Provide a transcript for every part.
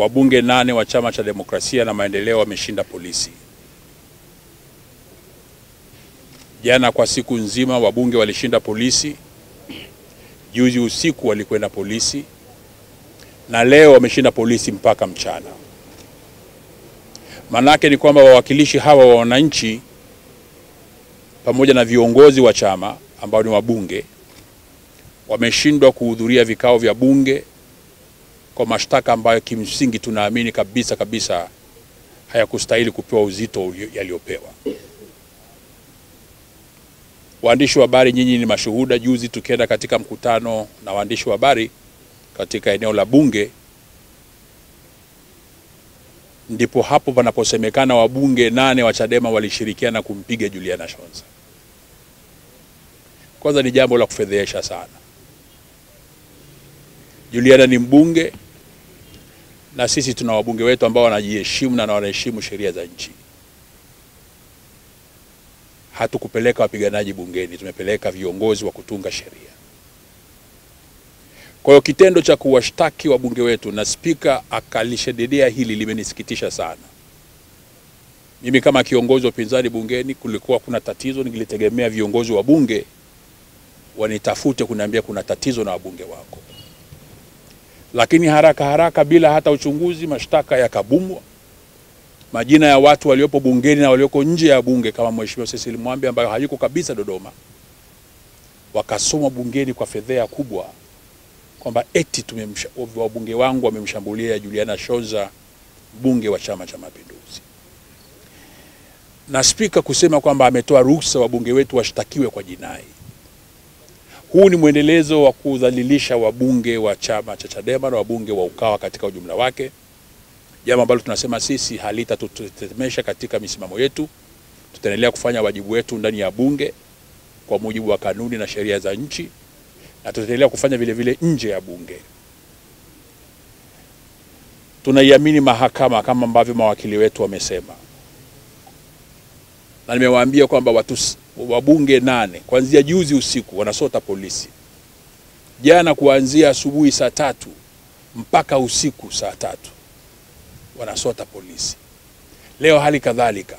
wabunge nane wa Chama cha Demokrasia na Maendeleo wameshinda polisi. Jana kwa siku nzima wabunge walishinda polisi, juzi usiku walikwenda polisi, na leo wameshinda polisi mpaka mchana. Maanake ni kwamba wawakilishi hawa wa wananchi pamoja na viongozi wa chama ambao ni wabunge wameshindwa kuhudhuria vikao vya bunge kwa mashtaka ambayo kimsingi tunaamini kabisa kabisa hayakustahili kupewa uzito yaliyopewa. Waandishi wa habari, nyinyi ni mashuhuda. Juzi tukienda katika mkutano na waandishi wa habari katika eneo la Bunge, ndipo hapo panaposemekana wabunge nane wa Chadema walishirikiana kumpiga Juliana Shonza. Kwanza ni jambo la kufedhehesha sana. Juliana ni mbunge na sisi tuna wabunge wetu ambao wanajiheshimu na wanaheshimu sheria za nchi. Hatukupeleka wapiganaji bungeni, tumepeleka viongozi wa kutunga sheria. Kwa hiyo kitendo cha kuwashtaki wabunge wetu na spika akalishadidia hili limenisikitisha sana. Mimi kama kiongozi wa upinzani bungeni, kulikuwa kuna tatizo, nilitegemea viongozi wa bunge wanitafute kuniambia kuna tatizo na wabunge wako lakini haraka haraka bila hata uchunguzi, mashtaka yakabumbwa. Majina ya watu waliopo bungeni na walioko nje ya bunge kama Mheshimiwa Cecil Mwambe ambayo hayuko kabisa Dodoma, wakasomwa bungeni kwa fedheha kubwa kwamba eti wabunge wangu wamemshambulia Juliana Shoza, mbunge wa Chama cha Mapinduzi, na spika kusema kwamba ametoa ruhusa wabunge wetu washtakiwe kwa jinai. Huu ni mwendelezo wa kudhalilisha wabunge wa chama cha Chadema na wabunge wa Ukawa katika ujumla wake, jambo ambalo tunasema sisi halitatutetemesha katika misimamo yetu. Tutaendelea kufanya wajibu wetu ndani ya bunge kwa mujibu wa kanuni na sheria za nchi, na tutaendelea kufanya vile vile nje ya bunge. Tunaiamini mahakama kama ambavyo mawakili wetu wamesema, na nimewaambia kwamba wabunge nane kuanzia juzi usiku wanasota polisi, jana kuanzia asubuhi saa tatu mpaka usiku saa tatu wanasota polisi. Leo hali kadhalika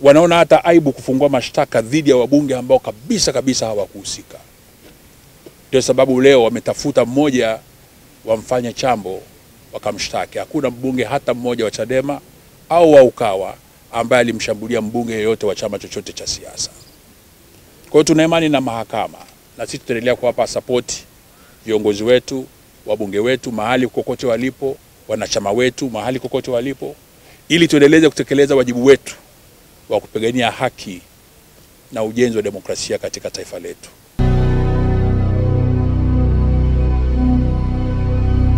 wanaona hata aibu kufungua mashtaka dhidi ya wabunge ambao kabisa kabisa hawakuhusika. Ndio sababu leo wametafuta mmoja wamfanye chambo wakamshtaki. Hakuna mbunge hata mmoja wa Chadema au wa Ukawa ambaye alimshambulia mbunge yeyote wa chama chochote cha siasa. Kwa hiyo tuna imani na mahakama na sisi tutaendelea kuwapa sapoti viongozi wetu, wabunge wetu mahali kokote walipo, wanachama wetu mahali kokote walipo, ili tuendeleze kutekeleza wajibu wetu wa kupigania haki na ujenzi wa demokrasia katika taifa letu.